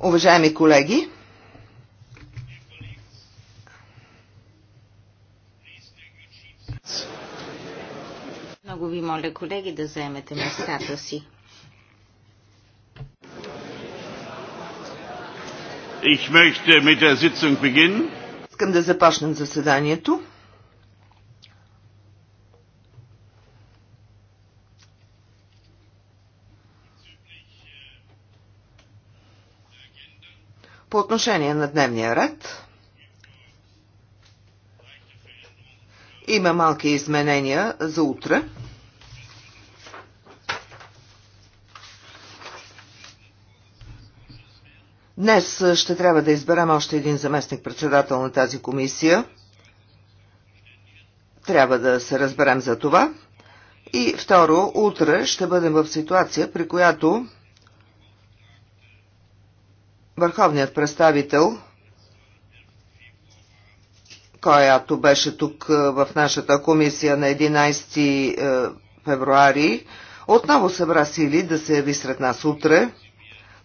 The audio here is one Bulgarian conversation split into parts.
Уважаеми колеги, много ви моля, колеги, да заемете местата си. Искам да започнем заседанието. По отношение на дневния ред, има малки изменения за утре. Днес ще трябва да изберем още един заместник-председател на тази комисия. Трябва да се разберем за това. И второ, утре ще бъдем в ситуация, при която Върховният представител, която беше тук е, в нашата комисия на 11 е, февруари, отново събра сили да се яви сред нас утре.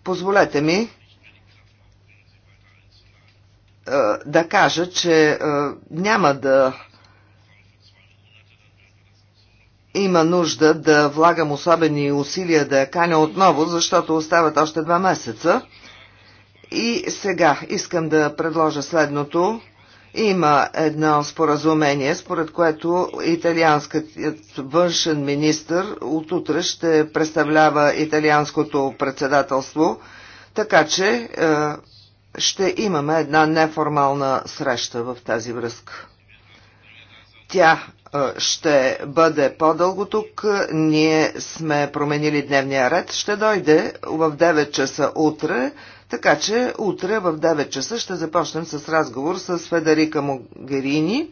Позволете ми е, да кажа, че няма да има нужда да влагам особени усилия да я каня отново, защото остават още два месеца. И сега искам да предложа следното. Има едно споразумение, според което италианският външен министр от утре ще представлява италианското председателство, така че е, ще имаме една неформална среща в тази връзка. Тя ще бъде по-дълго тук. Ние сме променили дневния ред. Ще дойде в 9 часа утре, така че утре в 9 часа ще започнем с разговор с Федерика Могерини.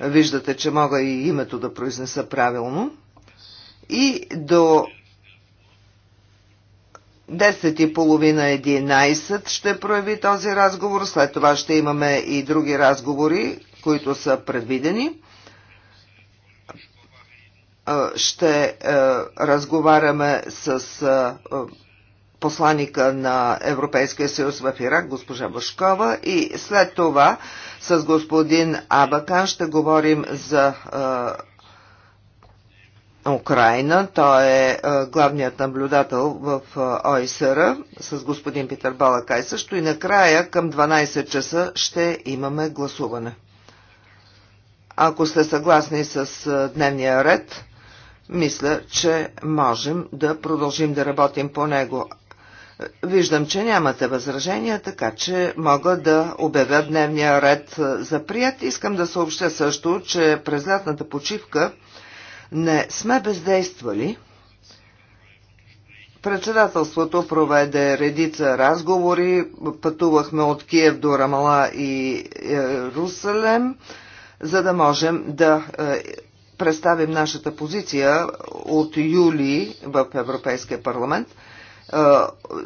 Виждате, че мога и името да произнеса правилно. И до 10.30-11 ще прояви този разговор. След това ще имаме и други разговори, които са предвидени ще е, разговаряме с е, посланика на Европейския съюз в Ирак, госпожа Башкова, и след това с господин Абакан ще говорим за е, Украина. Той е главният наблюдател в ОИСР с господин Питър Балакай също и накрая към 12 часа ще имаме гласуване. Ако сте съгласни с дневния ред, мисля, че можем да продължим да работим по него. Виждам, че нямате възражения, така че мога да обявя дневния ред за прият. Искам да съобща също, че през лятната почивка не сме бездействали. Председателството проведе редица разговори. Пътувахме от Киев до Рамала и е, Русалем, за да можем да е, представим нашата позиция от юли в Европейския парламент. Е,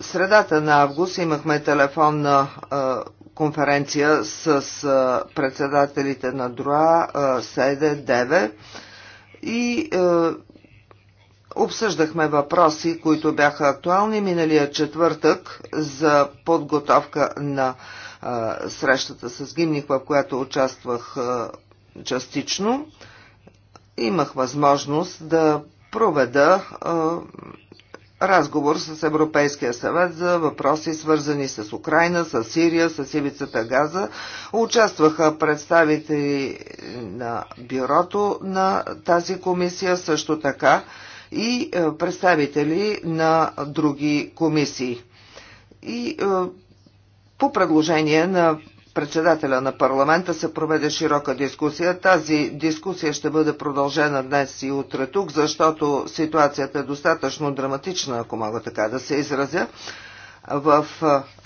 средата на август имахме телефонна е, конференция с е, председателите на ДРОА, СЕДЕ, ДЕВЕ и Обсъждахме въпроси, които бяха актуални миналия четвъртък за подготовка на срещата с Гимних, в която участвах частично имах възможност да проведа разговор с Европейския съвет за въпроси свързани с Украина, с Сирия, с ивицата Газа. Участваха представители на бюрото на тази комисия, също така и представители на други комисии. И по предложение на председателя на парламента се проведе широка дискусия. Тази дискусия ще бъде продължена днес и утре тук, защото ситуацията е достатъчно драматична, ако мога така да се изразя. В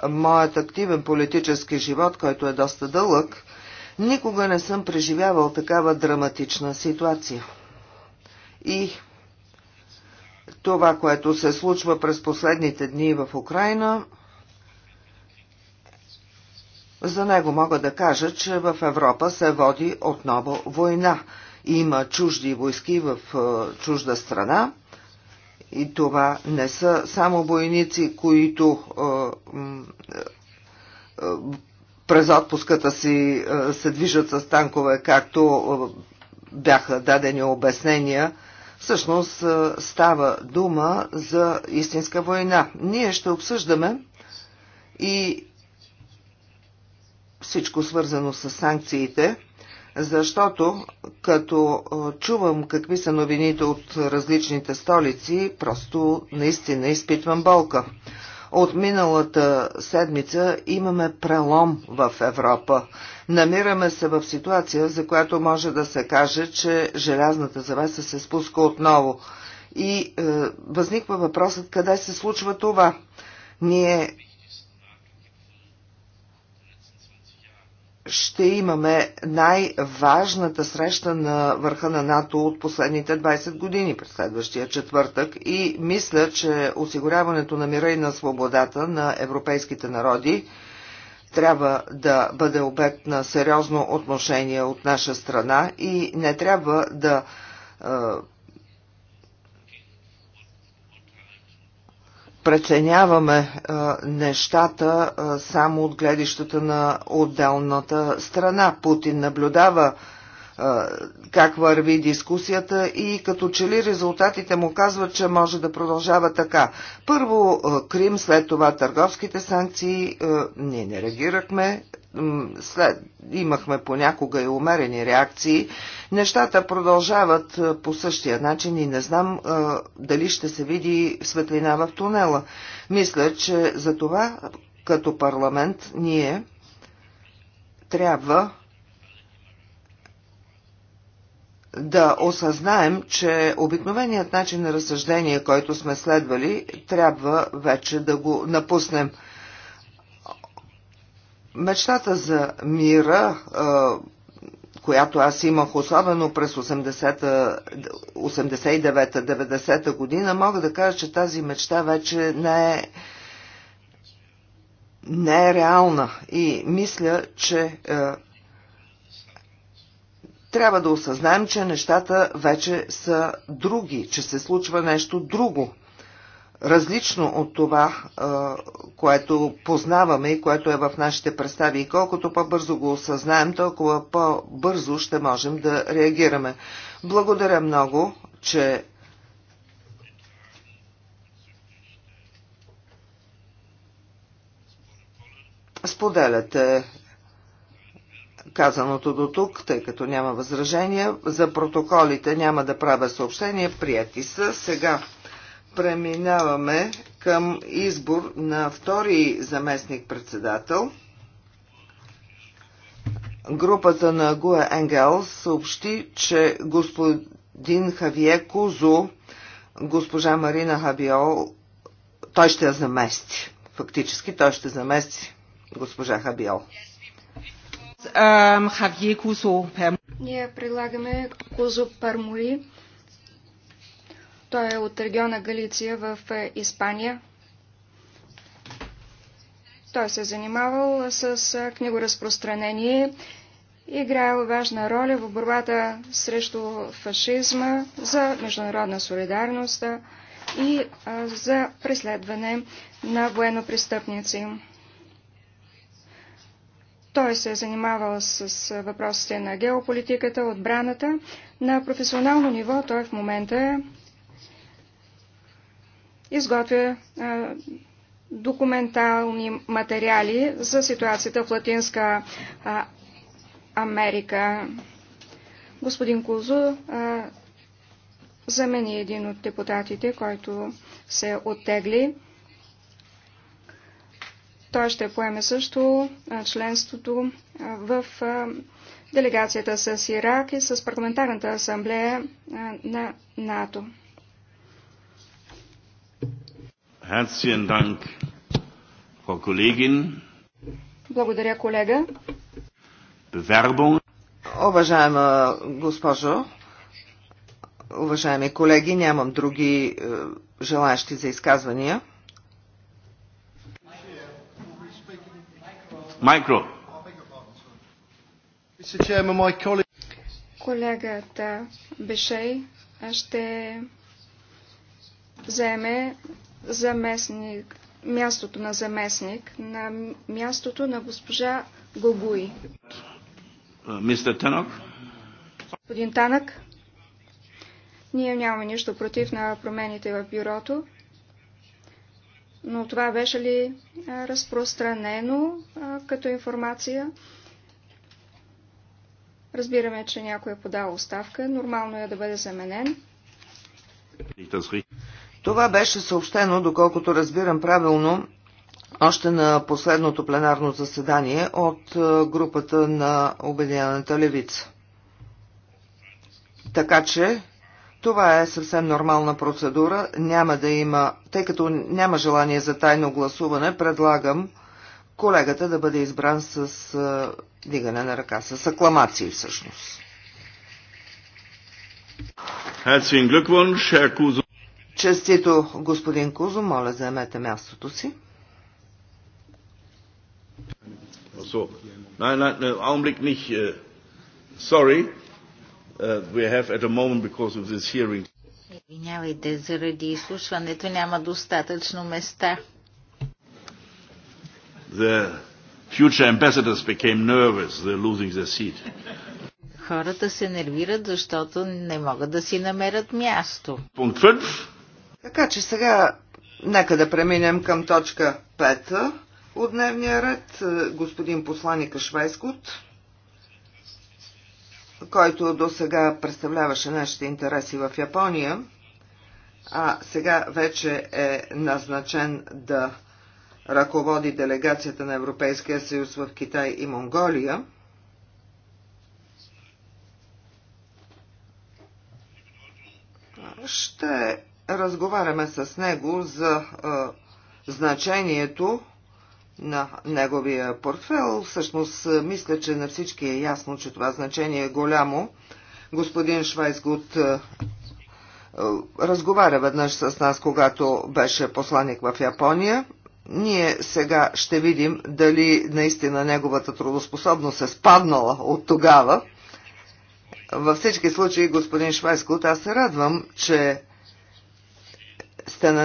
моят активен политически живот, който е доста дълъг, никога не съм преживявал такава драматична ситуация. И това, което се случва през последните дни в Украина, за него мога да кажа, че в Европа се води отново война. Има чужди войски в е, чужда страна. И това не са само войници, които е, е, през отпуската си се движат с танкове, както бяха дадени обяснения. Всъщност става дума за истинска война. Ние ще обсъждаме и всичко свързано с санкциите, защото като чувам какви са новините от различните столици, просто наистина изпитвам болка. От миналата седмица имаме прелом в Европа. Намираме се в ситуация, за която може да се каже, че желязната завеса се спуска отново. И е, възниква въпросът къде се случва това. Ние ще имаме най-важната среща на върха на НАТО от последните 20 години през следващия четвъртък и мисля, че осигуряването на мира и на свободата на европейските народи трябва да бъде обект на сериозно отношение от наша страна и не трябва да е, преценяваме а, нещата а, само от гледищата на отделната страна. Путин наблюдава а, как върви дискусията и като че ли резултатите му казват, че може да продължава така. Първо а, Крим, след това търговските санкции. А, ние не реагирахме, след, имахме понякога и умерени реакции, нещата продължават по същия начин и не знам а, дали ще се види светлина в тунела. Мисля, че за това като парламент ние трябва да осъзнаем, че обикновеният начин на разсъждение, който сме следвали, трябва вече да го напуснем – Мечтата за мира, която аз имах особено през 89-90-та година, мога да кажа, че тази мечта вече не е, не е реална. И мисля, че трябва да осъзнаем, че нещата вече са други, че се случва нещо друго – различно от това, което познаваме и което е в нашите представи. И колкото по-бързо го осъзнаем, толкова по-бързо ще можем да реагираме. Благодаря много, че споделяте казаното до тук, тъй като няма възражения. За протоколите няма да правя съобщения. Прияти са. Сега Преминаваме към избор на втори заместник-председател. Групата на Гуе Енгел съобщи, че господин Хавие Кузо, госпожа Марина Хабиол, той ще я замести. Фактически той ще замести госпожа Хабиол. Ние предлагаме Кузо Пармори. Той е от региона Галиция в е, Испания. Той се е занимавал с е, книгоразпространение, играел важна роля в борбата срещу фашизма, за международна солидарност е, и за преследване на военнопрестъпници. Той се е занимавал с въпросите на геополитиката, отбраната. На професионално ниво той в момента е изготвя документални материали за ситуацията в Латинска Америка. Господин Кузо замени един от депутатите, който се оттегли. Той ще поеме също членството в делегацията с Ирак и с парламентарната асамблея на НАТО. Herzlichen Dank, Frau Kollegin. Благодаря, колега. Bewerbung. Уважаема госпожо, уважаеми колеги, нямам други е, желаящи за изказвания. Майкро. Колегата Бешей ще вземе заместник, мястото на заместник, на мястото на госпожа Гогуи. Мистер Танък? Господин Танък, ние нямаме нищо против на промените в бюрото, но това беше ли разпространено като информация? Разбираме, че някой е подал оставка. Нормално е да бъде заменен. Това беше съобщено, доколкото разбирам правилно, още на последното пленарно заседание от е, групата на Обединената левица. Така че това е съвсем нормална процедура. Няма да има, тъй като няма желание за тайно гласуване, предлагам колегата да бъде избран с е, дигане на ръка, с акламации всъщност. Herzlichen Glückwunsch, Herr Честито, господин Кузо, моля, заемете мястото си. Äh, äh, Извинявайте, заради изслушването няма достатъчно места. The future ambassadors became nervous, they're losing their seat. Хората се нервират, защото не могат да си намерят място. Пункт 5. Така че сега нека да преминем към точка 5 от дневния ред. Е, господин посланика Швайскот, който до сега представляваше нашите интереси в Япония, а сега вече е назначен да ръководи делегацията на Европейския съюз в Китай и Монголия. Ще разговаряме с него за а, значението на неговия портфел. Всъщност, мисля, че на всички е ясно, че това значение е голямо. Господин а, разговаря веднъж с нас, когато беше посланник в Япония. Ние сега ще видим дали наистина неговата трудоспособност е спаднала от тогава. Във всички случаи, господин Швайскот, аз се радвам, че стана